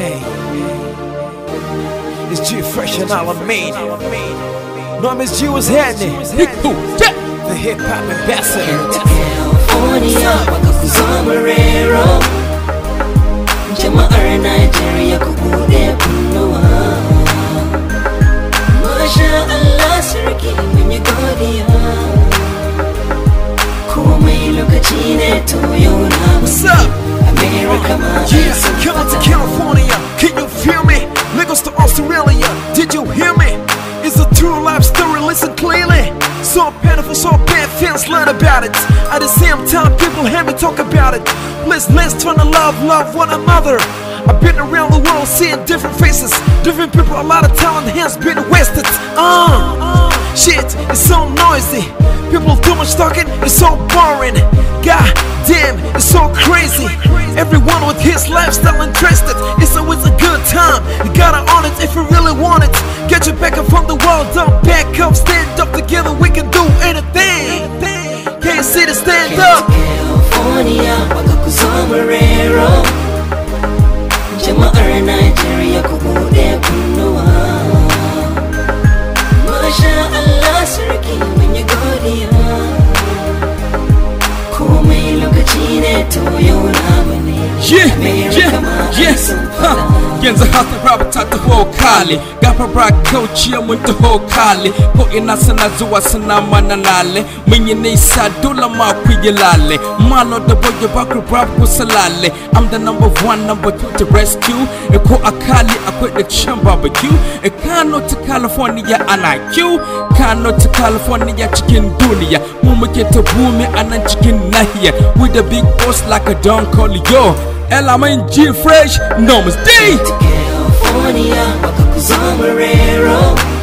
Hey, it's G Fresh and Alameen. Name is G was Handy. The hip hop ambassador. California, sombrero. Jama'ar Nigeria ku bude kunnuwa. Masha Allah sarki mun yi godiya. Komai lokaci ne to yau na musa. America, my yeah, California familiar. Did you hear me? It's a true life story, listen clearly. So painful, so bad, fans learn about it. At the same time, people hear me talk about it. Let's, let's turn to love, love one another. I've been around the world, seeing different faces, different people, a lot of talent has been wasted. Uh, shit, it's so noisy. People too much talking, it's so boring. God Damn, it's so crazy. Everyone with his lifestyle interested. It's always a good time. You gotta own it if you really want it. Get your back up from the world. don't back up. Yeah, yeah, yes. Huh. Yanzu hasa raba ta taho kale Gafara kauciya mun taho kale Ko ina suna zuwa suna mana lale Mun yi nisa dole ma ku yi lale Malo da boye ba ku rap ku salale I'm the number one number two to rescue Eko ko a kale akwai da can barbecue E Kano ta California ana Q volcano to California, chicken dunia. Mumma get a boomy and a chicken nahiya. With a big boss like a Don Colio. Ella main G fresh, Namaste. California,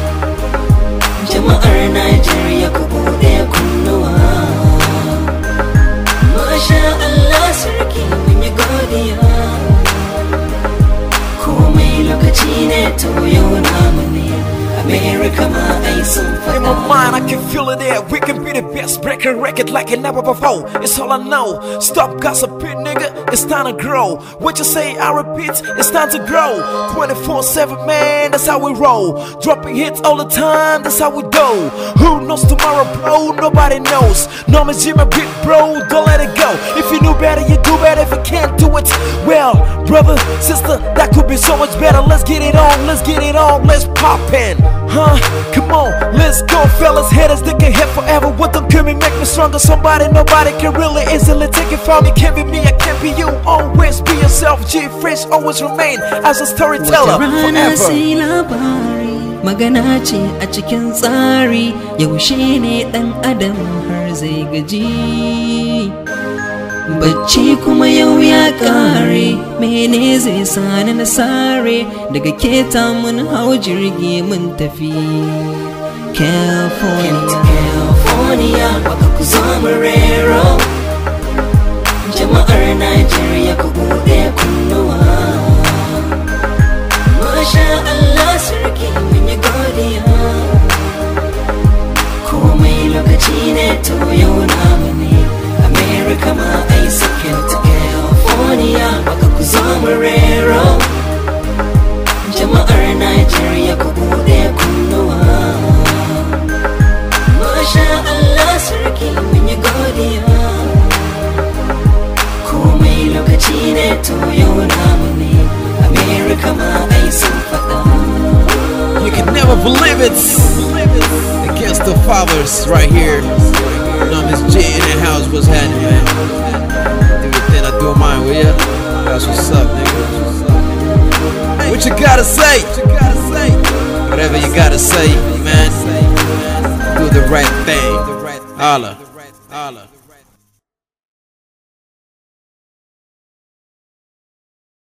on mind, I can feel it there We can be the best, breaking record like it never before It's all I know, stop gossiping nigga It's time to grow, what you say I repeat It's time to grow, 24-7 man, that's how we roll Dropping hits all the time, that's how we go Who knows tomorrow bro, nobody knows Norm is Jimmy Big bro, don't let it go If you knew better, you do better If you can't do it, well brother, sister, that could be so much better. Let's get it on, let's get it on, let's pop in, huh? Come on, let's go, fellas. Haters they can hit forever. What them can make me stronger? Somebody, nobody can really easily take it from me. Can't be me, I can't be you. Always be yourself, G. Fresh always remain as a storyteller forever. magana ce a cikin tsari yaushe ne ɗan adam har zai gaji bacci kuma yau ya ƙare ne zai sani na sare daga keta mun hau jirgi mun tafi california california baka ku mu rero jama'ar nigeria ku bude kunnuwa masha allah sarki mun yi godiya komai lokaci ne to yau namu ne america ma Nigeria ka buɗe Masha Allah sarki mun lokaci ne to yau America ma ai sun You can never believe it Against the fathers right here You Miss J in the house what's happening man Do your thing I do mine ya gotta say, man. Do the right thing. Holla. Holla.